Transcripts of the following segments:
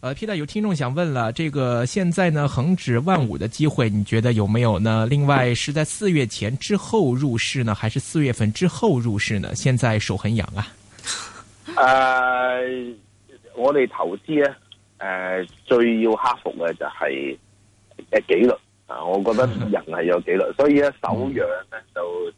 呃、uh, Peter 有聽眾想問了這個現在呢恒指萬五的機會，你覺得有沒有呢？另外是在四月前之後入市呢，還是四月份之後入市呢？現在手很癢啊。誒、呃，我哋投資咧，誒、呃、最要克服嘅就係誒紀律啊。我覺得人係有紀律， 所以咧手癢咧就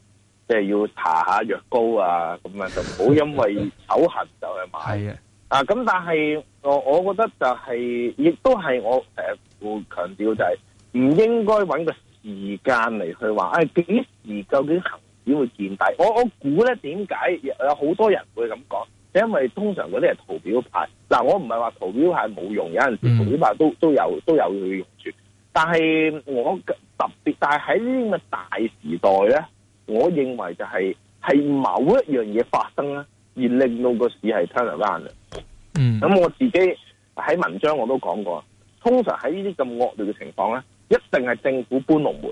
即係、就是、要搽下藥膏啊，咁樣就唔好因為手痕就去買。 啊，咁但係我我覺得就係、是，亦都係我誒會、呃、強調就係唔應該揾個時間嚟去話，誒、哎、幾時究竟恆指會見底？我我估咧點解有好多人會咁講，就因為通常嗰啲係圖表派。嗱，我唔係話圖表派冇用，有陣時圖表派都都有都有，都有用住。但係我特別，但係喺呢啲咁嘅大時代咧，我認為就係、是、係某一樣嘢發生啦，而令到個市係 turn around。嗯，咁我自己喺文章我都講過，通常喺呢啲咁惡劣嘅情況咧，一定係政府搬龍門，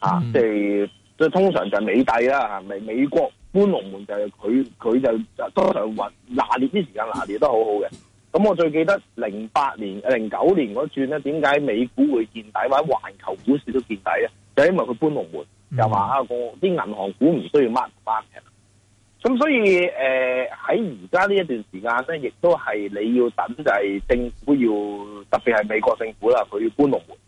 嗯、啊，即係即係通常就係美帝啦，美美國搬龍門就係佢佢就通常拿捏啲時間拿捏得好好嘅。咁我最記得零八年、零九年嗰轉咧，點解美股會見底或者環球股市都見底咧？就因為佢搬龍門，又話啊個啲銀行股唔需要擘巴嘅。咁所以，誒喺而家呢一段時間咧，亦都係你要等，就係政府要，特別係美國政府啦，佢要搬龍門。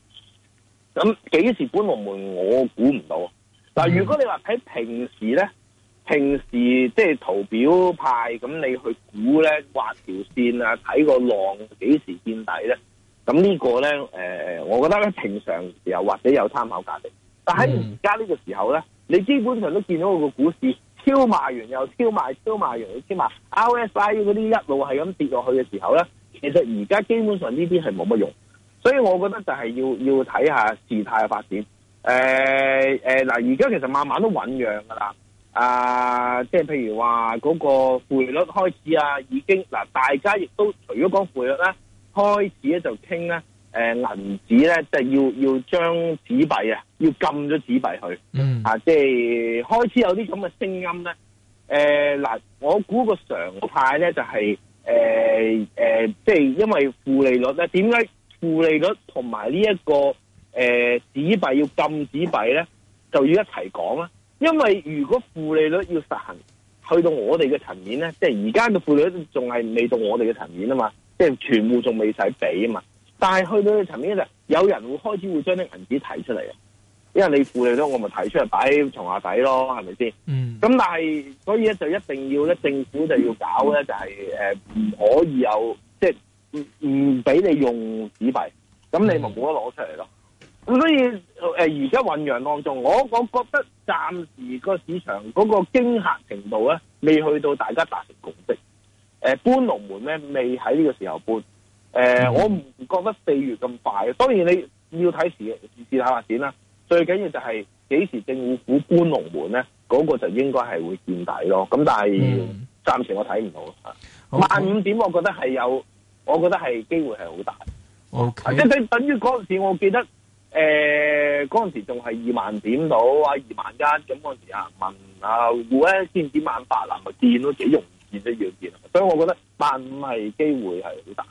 咁幾時搬龍門，我估唔到。嗱，如果你話喺平時咧，平時即係圖表派，咁你去估咧，畫條線啊，睇個浪幾時見底咧？咁呢個咧，誒、呃，我覺得咧，平常時候或者有參考價值。但喺而家呢個時候咧，你基本上都見到個股市。超賣完又超賣，超賣完又超賣，RSI 嗰啲一路係咁跌落去嘅時候咧，其實而家基本上呢啲係冇乜用，所以我覺得就係要要睇下事態嘅發展。誒誒嗱，而、呃、家其實慢慢都醞釀㗎啦。啊、呃，即、就、係、是、譬如話嗰個匯率開始啊，已經嗱，大家亦都除咗講匯率咧，開始咧就傾咧。誒，銀紙咧，就係、是、要要將紙幣啊，要禁咗紙幣去，mm. 啊，即、就、係、是、開始有啲咁嘅聲音咧。誒，嗱，我估個常態咧就係、是，誒、呃、誒，即、呃、係、就是、因為負利率咧，點解負利率同埋呢一個誒紙幣要禁紙幣咧，就要一齊講啊？因為如果負利率要實行，去到我哋嘅層面咧，即係而家嘅負利率仲係未到我哋嘅層面啊嘛，即、就、係、是、全部仲未使俾啊嘛。但係去到層面咧，就有人會開始會將啲銀紙提出嚟嘅，因為你負累咗，我咪提出嚟擺喺床下底咯，係咪先？嗯。咁但係，所以咧就一定要咧，政府就要搞咧、就是，就係誒唔可以有即係唔唔俾你用紙幣，咁你咪冇得攞出嚟咯。咁、嗯、所以誒而家醞釀當中，我、呃、我覺得暫時個市場嗰個驚嚇程度咧，未去到大家達成共識。誒、呃、搬龍門咧，未喺呢個時候搬。誒，我唔覺得四月咁快，當然你要睇時事態發展啦。最緊要就係幾時政府府搬龍門咧，嗰個就應該係會見底咯。咁但係暫時我睇唔到啊。萬五點，我覺得係有，我覺得係機會係好大。O K，即係等於嗰陣時，我記得誒，嗰陣時仲係二萬點到啊，二萬一。咁嗰陣時啊，問啊胡咧先至萬八，咪見都幾容易見得要見，所以我覺得萬五係機會係好大。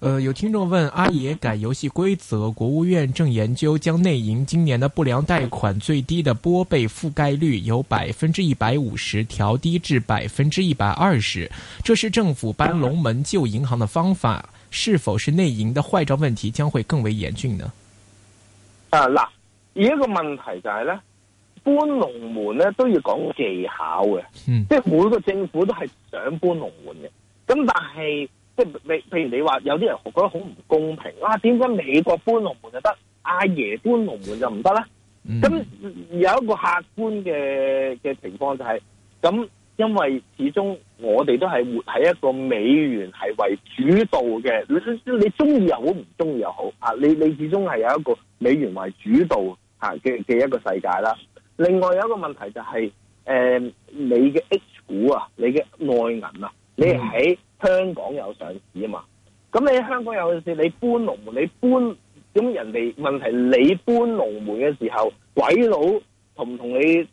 呃，有聽眾問阿爺改遊戲規則，國務院正研究將內銀今年的不良貸款最低的撥備覆蓋率由百分之一百五十調低至百分之一百二十，這是政府搬龍門救銀行的方法，是否是內銀的壞賬問題將會更為嚴峻呢？啊嗱，而一個問題就係、是、咧，搬龍門呢都要講技巧嘅，嗯、即係每個政府都係想搬龍門嘅，咁但係。即係譬如你話有啲人覺得好唔公平，哇、啊！點解美國搬龍門就得，阿、啊、爺搬龍門就唔得咧？咁、嗯、有一個客觀嘅嘅情況就係、是、咁，因為始終我哋都係活喺一個美元係為主導嘅，你你中意又好，唔中意又好，嚇你你始終係有一個美元為主導嚇嘅嘅一個世界啦。另外有一個問題就係、是、誒、呃，你嘅 H 股啊，你嘅內銀啊，你喺，嗯香港有上市啊嘛，咁你香港有上市，你搬龍門，你搬咁人哋問題，你搬龍門嘅時候，鬼佬同唔同你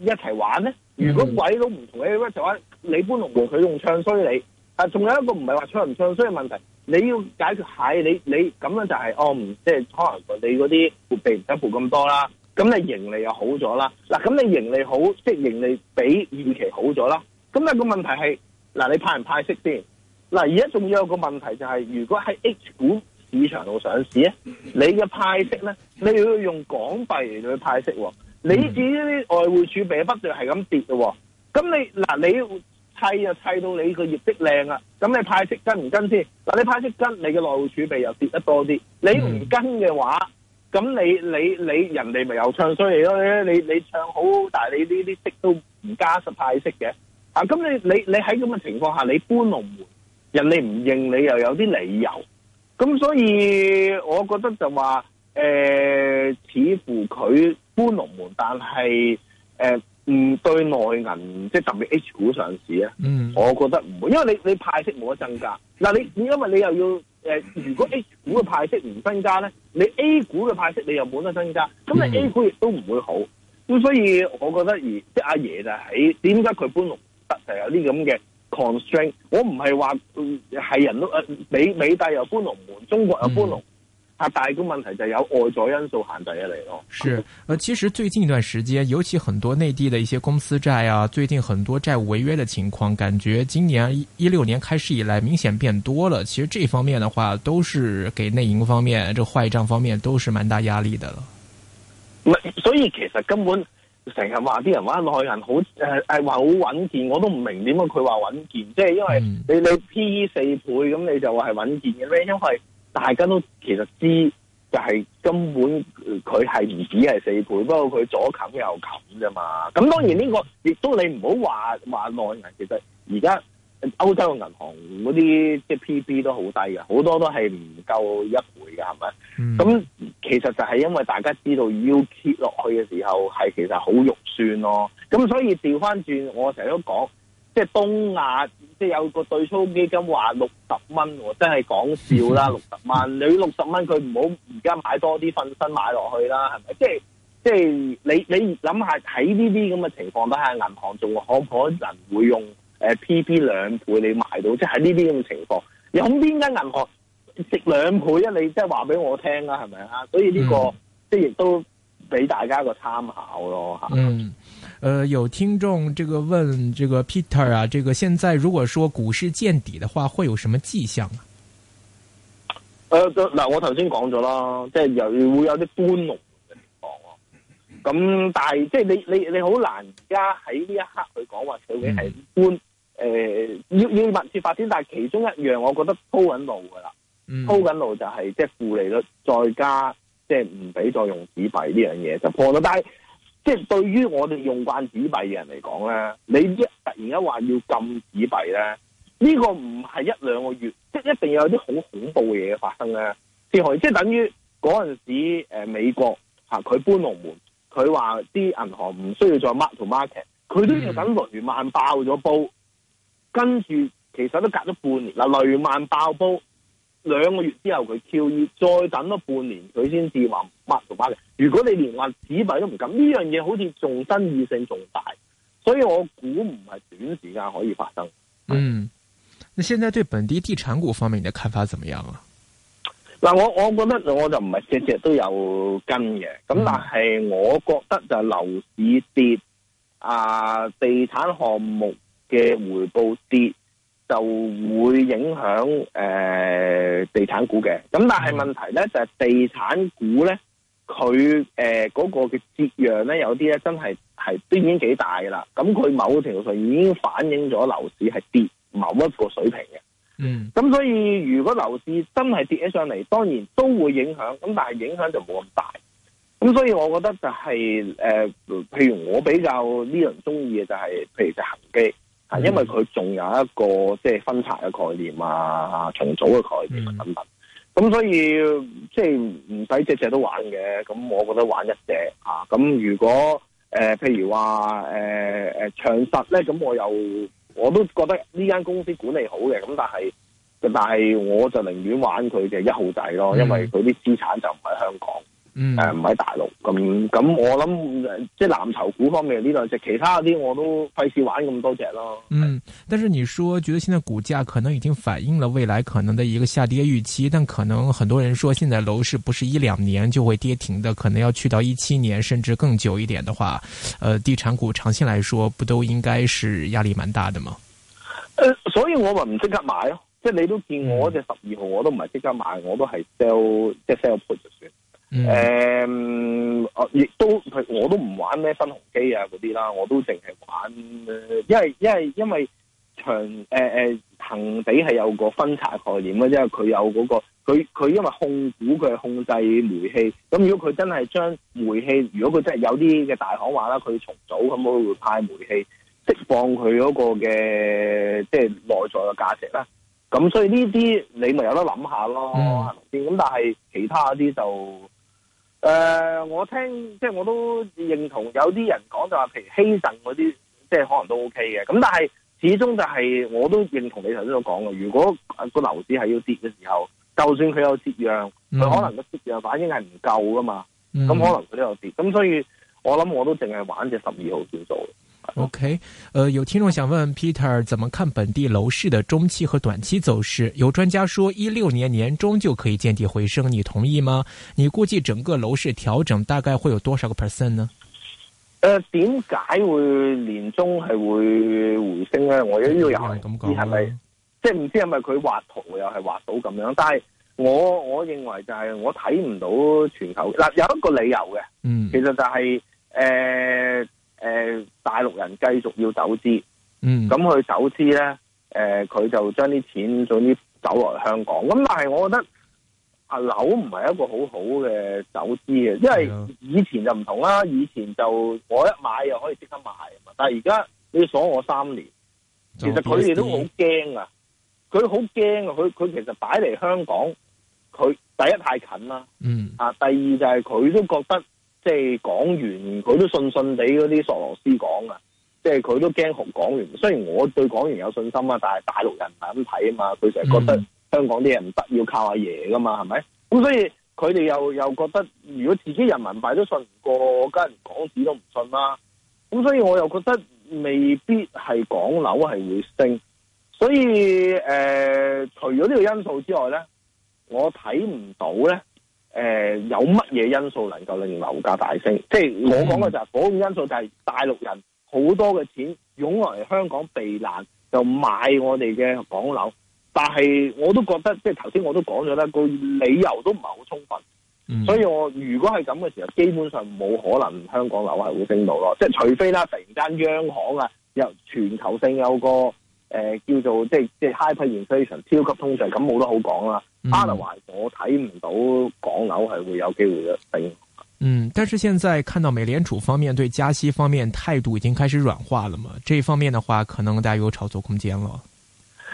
一齊玩咧？如果鬼佬唔同你一齊玩，你搬龍門佢仲唱衰你。啊，仲有一個唔係話唱唔唱衰嘅問題，你要解決喺、哎、你你咁樣就係、是、哦，即係可能你嗰啲撥備唔使撥咁多啦，咁你盈利又好咗啦。嗱，咁你盈利好，即係盈利比預期好咗啦。咁、那、呢個問題係。嗱，你派唔派息先？嗱，而家仲要有個問題就係，如果喺 H 股市場度上上市咧，你嘅派息咧，你要用港幣嚟去派息喎。Mm hmm. 你至於啲外匯儲備不斷係咁跌嘅，咁你嗱你砌就砌到你個業績靚啦。咁你派息跟唔跟先？嗱，你派息跟，你嘅內匯儲備又跌得多啲。你唔跟嘅話，咁你你你，你人哋咪有唱衰嚟咯？你你唱好，但係你呢啲息都唔加實派息嘅。嗱，咁、啊、你你你喺咁嘅情況下，你搬龍門，人哋唔認你又有啲理由，咁所以我覺得就話，誒、呃、似乎佢搬龍門，但係誒唔對內銀，即係特別 H 股上市啊，mm hmm. 我覺得唔會，因為你你派息冇得增加，嗱你因為你又要誒、呃，如果 H 股嘅派息唔增加咧，你 A 股嘅派息你又冇得增加，咁你 A 股亦都唔會好，咁、mm hmm. 所以我覺得而即係阿爺就係點解佢搬龍？就有啲咁嘅 constraint，我唔係話係人，誒美美帝又搬龍門，中國又搬龍，嚇！但係個問題就有外在因素限制一嚟咯。是、呃，其實最近一段時間，尤其很多內地的一些公司債啊，最近很多債務違約嘅情況，感覺今年一六年開始以來，明顯變多了。其實這方面嘅話，都是給內營方面，這壞帳方面，都是蠻大壓力的啦。所以其實根本。成日話啲人內銀好好穩健，我都唔明點解佢話穩健，即係因為你你 PE 四倍，咁你就話係穩健嘅咩？因為大家都其實知就係根本佢係唔止係四倍，不過佢左冚右冚啫嘛。咁當然呢個亦都你唔好話話內銀，其實而家。歐洲嘅銀行嗰啲即係 P B 都好低嘅，好多都係唔夠一倍嘅，係咪？咁、嗯、其實就係因為大家知道要跌落去嘅時候，係其實好肉酸咯。咁所以調翻轉，我成日都講，即係東亞，即係有個對沖基金話六十蚊，真係講笑啦，六十是萬、嗯、你六十蚊，佢唔好而家買多啲瞓身買落去啦，係咪？即係即係你你諗下喺呢啲咁嘅情況底下，銀行仲可唔可能會用？誒、呃、，P. p 兩倍你賣到，即係呢啲咁嘅情況，有邊間銀行值兩倍啊？你即係話俾我聽啊，係咪啊？所以呢、這個、嗯、即係亦都俾大家個參考咯。吓，嗯，誒、呃，有聽眾這個問，這個 Peter 啊，這個現在如果說股市見底的話，會有什麼跡象啊？誒、呃，嗱、呃呃，我頭先講咗啦，即係有會有啲搬屋嘅情況喎，咁但係即係你你你好難而家喺呢一刻去講話究竟係搬。嗯誒、呃、要要密切發展，但係其中一樣，我覺得鋪緊路㗎啦。嗯、鋪緊路就係即係負利率，再加即係唔俾再用紙幣呢樣嘢就破啦。但係即係對於我哋用慣紙幣嘅人嚟講咧，你一突然間話要禁紙幣咧，呢、這個唔係一兩個月，即、就、係、是、一定要有啲好恐怖嘅嘢發生咧。先可以即係等於嗰陣時誒美國嚇佢搬龍門，佢話啲銀行唔需要再 mark to market，佢都要等雷曼爆咗煲。嗯。跟住其實都隔咗半年嗱，雷曼爆煲兩個月之後佢 QE，再等多半年佢先至話挖桃花嘅。如果你連話紙幣都唔敢，呢樣嘢好似仲爭議性仲大，所以我估唔係短時間可以發生。嗯，那現在對本地地產股方面，你嘅看法怎麼樣啊？嗱、嗯，那地地的嗯、我我覺得我就唔係只只都有跟嘅，咁但係我覺得就係樓市跌啊，地產項目。嘅回報跌就會影響誒、呃、地產股嘅，咁但係問題咧、嗯、就係地產股咧佢誒嗰個嘅折讓咧有啲咧真係係已經幾大㗎啦，咁佢某程度上已經反映咗樓市係跌某一個水平嘅，嗯，咁所以如果樓市真係跌起上嚟，當然都會影響，咁但係影響就冇咁大，咁所以我覺得就係、是、誒、呃，譬如我比較呢樣中意嘅就係、是、譬如就恒基。係，因為佢仲有一個即係分拆嘅概念啊，重組嘅概念啊等等，咁、嗯、所以即係唔使隻只都玩嘅，咁我覺得玩一隻啊，咁如果誒、呃、譬如話誒誒長實咧，咁我又我都覺得呢間公司管理好嘅，咁但係但係我就寧願玩佢嘅一號仔咯，因為佢啲資產就唔喺香港。嗯，唔喺大陸咁咁，我諗即係藍籌股方面呢兩隻，其他啲我都費事玩咁多隻咯。嗯，但是你說覺得現在股價可能已經反映了未來可能的一個下跌預期，但可能很多人說現在樓市不是一兩年就會跌停的，可能要去到一七年甚至更久一點的話，呃，地產股長期來說不都應該是壓力蠻大的嗎？呃，所以我唔即刻買咯，即係你都見我隻十二號，我都唔係即刻買，我都係 sell 即 sell put 就算。誒，我亦，mm hmm. um, 都，我都唔玩咩分紅機啊嗰啲啦，我都淨係玩，因為因為因為長誒誒恒地係有個分拆概念嘅，因為佢，呃、有嗰個、那個，佢佢因為控股佢係控制煤氣，咁如果佢真係將煤氣，如果佢真係有啲嘅大行話啦，佢重組咁，佢會派煤氣釋放佢嗰個嘅即係內在嘅價值啦。咁所以呢啲你咪有得諗下咯，係咪先？咁，hmm. 但係其他啲就。誒、呃，我聽即係我都認同有啲人講就話，譬如希慎嗰啲，即係可能都 O K 嘅。咁但係始終就係、是、我都認同你頭先所講嘅。如果個樓市係要跌嘅時候，就算佢有折讓，佢可能個折讓反應係唔夠噶嘛。咁、嗯、可能佢都有跌。咁所以，我諗我都淨係玩隻十二號指數。OK，、呃、有聽眾想問 Peter，怎麼看本地樓市的中期和短期走勢？有專家說一六年年中就可以見底回升，你同意嗎？你估計整個樓市調整大概會有多少個 percent 呢？誒、呃，點解會年中係會回升呢？我呢度有人咁講，係咪、嗯啊？即係唔知係咪佢畫圖又係畫到咁樣？但係我我認為就係我睇唔到全球嗱有一個理由嘅，嗯，其實就係、是、誒。呃誒、呃，大陸人繼續要走資，咁佢走資咧，誒、呃，佢就將啲錢總之走嚟香港。咁但係我覺得阿樓唔係一個好好嘅走資嘅，因為以前就唔同啦，以前就我一買又可以即刻賣，但係而家你鎖我三年，其實佢哋都好驚啊，佢好驚啊，佢佢其實擺嚟香港，佢第一太近啦，啊，第二就係佢都覺得。即係港元，佢都信信哋嗰啲索羅斯講啊！即係佢都驚紅港元。雖然我對港元有信心啊，但係大陸人唔係咁睇啊嘛。佢成日覺得香港啲嘢唔得，要靠阿爺噶嘛，係咪？咁所以佢哋又又覺得，如果自己人民幣都信唔過，梗係港紙都唔信啦。咁所以我又覺得未必係港樓係會升。所以誒、呃，除咗呢個因素之外咧，我睇唔到咧。誒、呃、有乜嘢因素能夠令樓價大升？即、就、係、是、我講嘅就係嗰個因素，就係大陸人好多嘅錢湧嚟香港避難，就買我哋嘅港樓。但係我，就是、我都覺得，即係頭先我都講咗啦，個理由都唔係好充分。嗯、所以我如果係咁嘅時候，基本上冇可能香港樓係會升到咯。即、就、係、是、除非啦，突然間央行啊又全球性有個誒、呃，叫做即係即係 hyperinflation，超級通脹咁冇得好講啦。反而、嗯、我睇唔到港樓係會有機會升。嗯，但是現在看到美聯儲方面對加息方面態度已經開始軟化了嘛？這一方面的話，可能大家有炒作空間咯。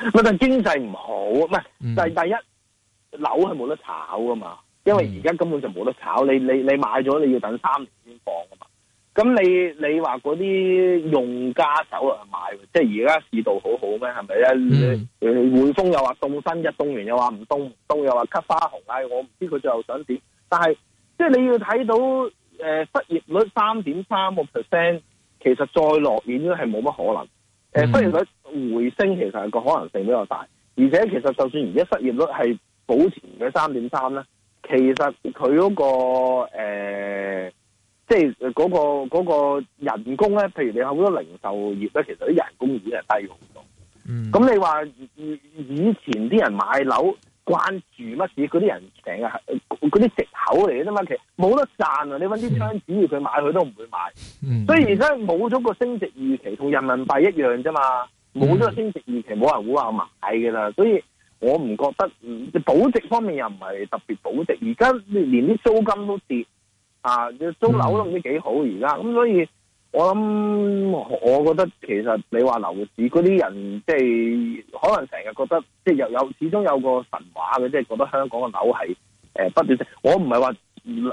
唔係，但經濟唔好，唔係，第第一樓係冇得炒噶嘛？因為而家根本就冇得炒，你你你買咗你要等三年先放噶嘛？咁你你話嗰啲用家手去買，即係而家市道好好咩？係咪咧？Mm hmm. 匯豐又話凍新一凍完又話唔凍，唔凍又話 cut 花紅啊！我唔知佢最後想點，但係即係你要睇到誒、呃、失業率三點三個 percent，其實再落面都係冇乜可能。誒、mm hmm. 失業率回升其實係個可能性比較大，而且其實就算而家失業率係保持嘅三點三咧，其實佢嗰、那個誒。呃即係嗰個、那個人工咧，譬如你好多零售業咧，其實啲人工已經係低好多。咁、嗯、你話以前啲人買樓關注乜事，嗰啲人成日嗰啲藉口嚟嘅啫嘛，其實冇得賺啊！你搵啲槍子要佢買，佢都唔會買。嗯、所以而家冇咗個升值預期，同人民幣一樣啫嘛，冇咗個升值預期，冇人會話買噶啦。所以我唔覺得保值方面又唔係特別保值，而家連啲租金都跌。啊！租樓都唔知幾好而家，咁所以我諗，我覺得其實你話樓市嗰啲人、就是，即係可能成日覺得，即係又有始終有個神話嘅，即係覺得香港嘅樓係誒不斷升。我唔係話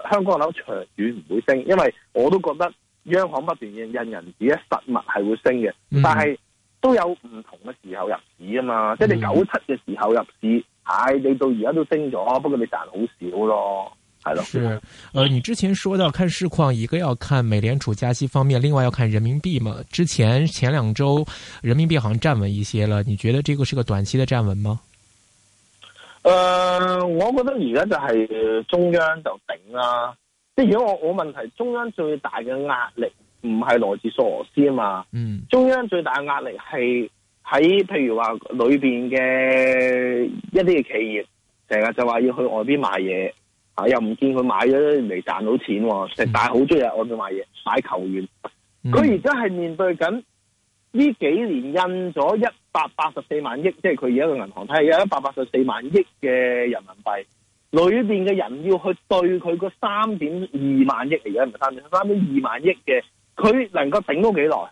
香港嘅樓長遠唔會升，因為我都覺得央行不斷印印銀紙咧，實物係會升嘅。嗯、但係都有唔同嘅時候入市啊嘛，即、就、係、是、你九七嘅時候入市，唉、嗯哎，你到而家都升咗，不過你賺好少咯。係，誒、呃，你之前說到看市況，一個要看美聯儲加息方面，另外要看人民幣嘛。之前前兩周，人民幣好像站穩一些了。你覺得這個是個短期的站穩嗎？誒、呃，我覺得而家就係中央就頂啦。即係如果我我問題，中央最大嘅壓力唔係來自索羅斯啊嘛。嗯。中央最大嘅壓力係喺譬如話裏邊嘅一啲嘅企業，成日就話要去外邊買嘢。吓、啊，又唔見佢買咗，未賺到錢、啊。成大好中意喺外面買嘢，買球員。佢而家係面對緊呢幾年印咗一百八十四萬億，即係佢而家個銀行睇係有一百八十四萬億嘅人民幣。裏邊嘅人要去兌佢個三點二萬億嚟嘅，唔係三點三點二萬億嘅，佢能夠頂到幾耐？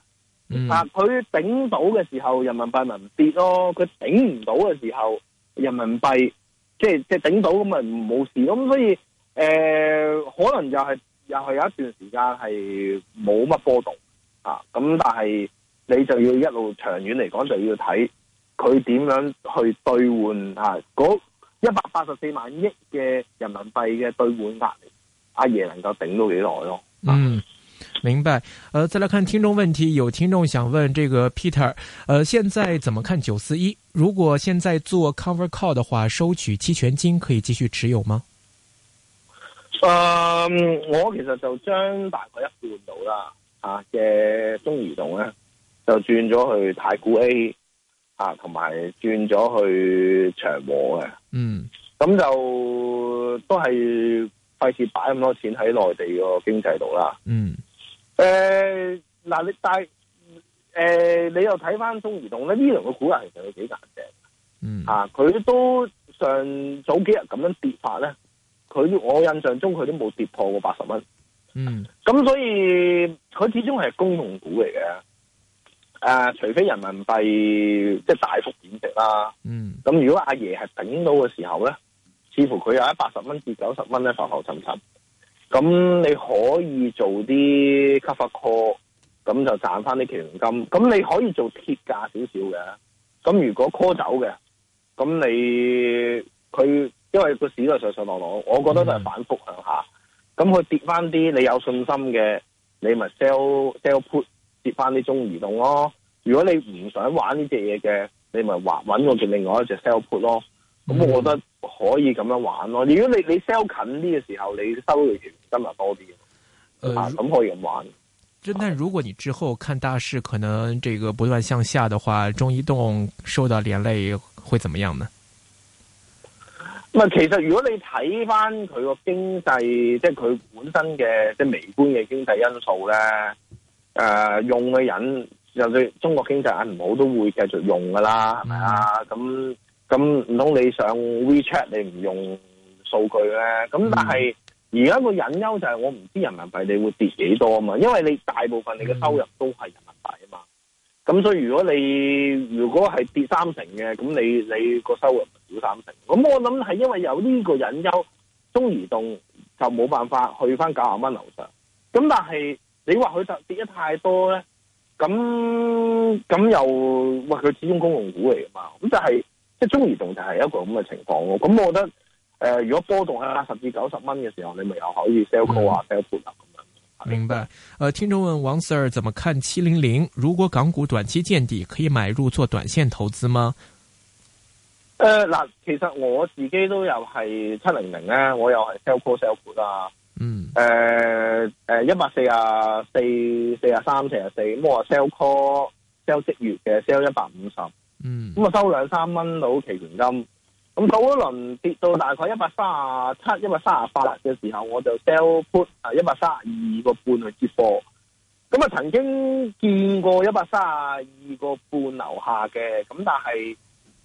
嗯、啊，佢頂到嘅時候，人民幣唔跌咯；佢頂唔到嘅時候，人民幣。即係即係頂到咁咪冇事咯，咁所以誒、呃、可能又係又係有一段時間係冇乜波動啊，咁但係你就要一路長遠嚟講就要睇佢點樣去兌換啊嗰一百八十四萬億嘅人民幣嘅兌換壓力，阿、啊、爺能夠頂到幾耐咯？啊、嗯。明白，誒、呃，再來看聽眾問題，有聽眾想問，這個 Peter，誒、呃，現在怎麼看九四一？如果現在做 Cover Call 的話，收取期權金可以繼續持有嗎？誒、呃，我其實就將大概一半度啦，啊嘅中移動咧，就轉咗去太古 A，啊，同埋轉咗去長和嘅，嗯那，咁就都係費事擺咁多錢喺內地個經濟度啦，嗯。誒，嗱你，呃呃，但係誒，呃，你又睇翻中移動咧，呢輪嘅股價其實佢幾硬淨，嗯啊，佢都上早幾日咁樣跌法咧，佢我印象中佢都冇跌破過八十蚊，嗯，咁，啊，所以佢始終係公用股嚟嘅，誒，啊，除非人民幣即係，就是，大幅貶值啦，嗯，咁如果阿爺係頂到嘅時候咧，似乎佢又喺八十蚊至九十蚊咧浮浮沉沉。咁你可以做啲 cover call，咁就賺翻啲期權金。咁你可以做貼價少少嘅。咁如果 call 走嘅，咁你佢因為個市都係上上落落，我覺得都係反覆向下。咁佢、mm hmm. 跌翻啲，你有信心嘅，你咪 sell sell put 跌翻啲中移動咯。如果你唔想玩呢隻嘢嘅，你咪搵搵我嘅另外一隻 sell put 咯。咁我覺得可以咁樣玩咯。Mm hmm. 如果你你 sell 近啲嘅時候，你收嚟。今日多啲，咁、呃啊、可以咁玩。但但如果你之後看大勢，可能這個不斷向下的話，中移動受到連累會怎麼樣呢？咁啊，其實如果你睇返佢個經濟，即係佢本身嘅即係微觀嘅經濟因素咧，誒、呃，用嘅人就算中國經濟啊唔好，都會繼續用㗎喇，係咪、嗯、啊？咁咁唔通你上 WeChat 你唔用數據咧？咁但係。嗯而家個隱憂就係我唔知人民幣你會跌幾多啊嘛，因為你大部分你嘅收入都係人民幣啊嘛，咁所以如果你如果係跌三成嘅，咁你你個收入少三成，咁我諗係因為有呢個隱憂，中移動就冇辦法去翻九十蚊樓上。咁但係你話佢就跌得太多咧，咁咁又哇佢始終公共股嚟噶嘛，咁就係即係中移動就係一個咁嘅情況咯，咁我覺得。誒、呃，如果波動喺八十至九十蚊嘅時候，你咪又可以 sell call 啊，sell put 咁樣。明白。誒、呃，聽眾問王 Sir 怎麼看七零零？如果港股短期見底，可以買入做短線投資嗎？誒，嗱，其實我自己都又係七零零咧，我又係 sell call sell put 啦、啊。嗯。誒誒、呃，一百四啊四四啊三四啊四，咁我 sell call sell 即月嘅 sell 一百五十。嗯。咁啊，收兩三蚊到期權金。咁到嗰輪跌到大概一百三十七、一百三十八嘅時候，我就 sell put 啊，一百三十二個半去接貨。咁啊曾經見過一百三十二個半樓下嘅，咁但係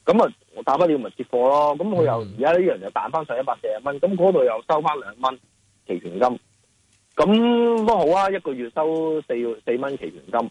咁啊我打不了咪接貨咯。咁佢又而家呢樣又彈翻上一百四十蚊，咁嗰度又收翻兩蚊期權金，咁都好啊，一個月收四四蚊期權金。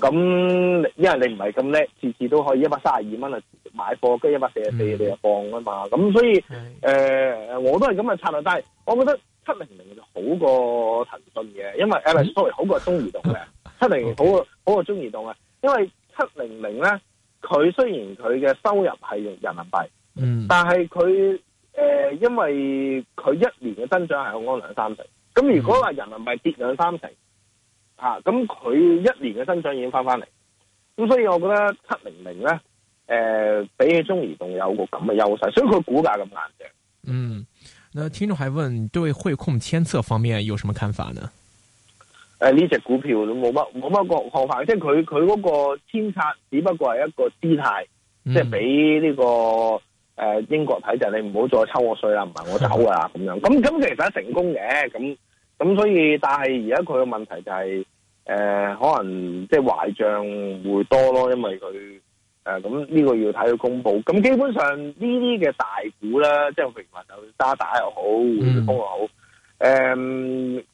咁因為你唔係咁叻，次次都可以一百三十二蚊啊買貨，跟一百四十四你又放啊嘛，咁、嗯、所以誒的、呃、我都係咁嘅策略，但係我覺得七零零就好過騰訊嘅，因為 sorry、 呃、好過中移動嘅，七零零好過好過中移動嘅，因為七零零咧佢雖然佢嘅收入係用人民幣，嗯、但係佢誒因為佢一年嘅增長係降兩三成，咁如果話人民幣跌兩三成。吓咁佢一年嘅增長已經翻翻嚟，咁所以我覺得七零零咧，誒、呃、比起中移動有個咁嘅優勢，所以佢股價咁硬嘅。嗯，那聽眾係問對匯控遷冊方面有什麼看法呢？誒呢、呃、隻股票冇乜冇乜個看法，即係佢佢嗰個遷冊只不過係一個姿態，嗯、即係俾呢個誒、呃、英國體制、就是、你唔好再抽我稅啦，唔係我走噶啦咁樣，咁咁其實成功嘅咁。咁所以，但係而家佢嘅問題就係、是，誒、呃、可能即係壞賬會多咯，因為佢誒咁呢個要睇佢公佈。咁基本上呢啲嘅大股咧，即係譬如又渣打又好，匯豐又好，誒、呃、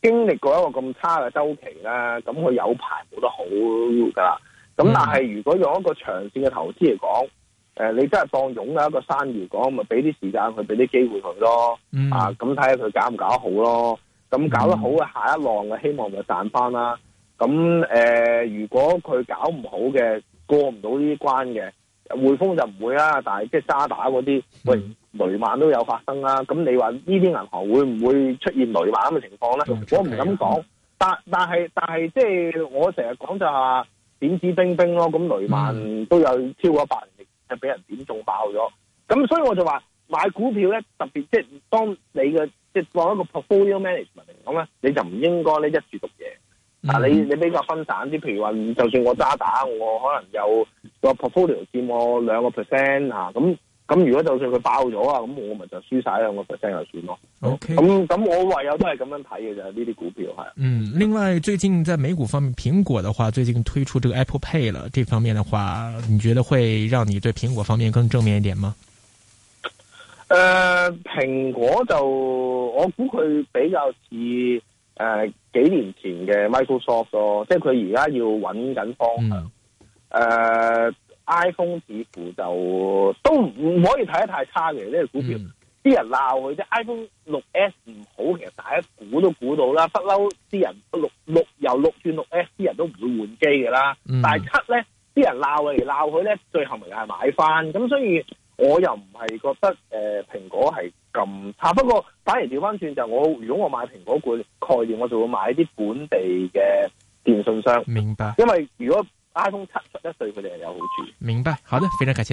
經歷過一個咁差嘅周期咧，咁佢有排冇得好㗎。咁但係如果用一個長線嘅投資嚟講，誒、嗯呃、你真係當擁有一個生意講，咪俾啲時間佢，俾啲機會佢咯。嗯、啊，咁睇下佢搞唔搞得好咯。咁、嗯、搞得好嘅下一浪嘅希望就賺翻啦。咁誒、呃，如果佢搞唔好嘅過唔到呢啲關嘅，匯豐就唔會啦、啊。但係即係渣打嗰啲，喂雷曼都有發生啦、啊。咁你話呢啲銀行會唔會出現雷曼嘅情況咧？我唔敢講、嗯。但是但係但係即係我成日講就係、是、點指兵兵咯。咁雷曼都有超過百年就俾人點中爆咗。咁所以我就話買股票咧，特別即係當你嘅。即係做一個 portfolio management 嚟講咧，你就唔應該呢一注獨贏，啊你你比較分散啲，譬如話就算我渣打我可能有個 portfolio 佔我兩個 percent 吓，咁、啊、咁如果就算佢爆咗 Okay. 啊，咁我咪就輸晒兩個 percent 就算咯。OK，咁咁我唯有都係咁樣睇嘅就係呢啲股票係。嗯，另外最近在美股方面，蘋果嘅話最近推出這個 Apple Pay 了，呢方面嘅話，你覺得會讓你對蘋果方面更正面一點嗎？誒，蘋、呃、果就我估佢比較似誒、呃、幾年前嘅 Microsoft 咯，即係佢而家要揾緊方向。誒、嗯呃、，iPhone 似乎就都唔可以睇得太差嘅，呢、這個股票啲、嗯、人鬧佢，即係 iPhone 六 S 唔好，其實大家估都估到啦。6 6 S，不嬲啲人六六由六轉六 S，啲人都唔會換機㗎啦。嗯、但係七咧，啲人鬧佢嚟，鬧佢咧，最後咪又係買翻，咁所以。我又唔係覺得誒蘋果係咁差，不過反而調翻轉，就我如果我買蘋果股概念，我就會買啲本地嘅電信商。明白，因為如果 iPhone 七出一對佢哋係有好處。明白，好的，非常感謝。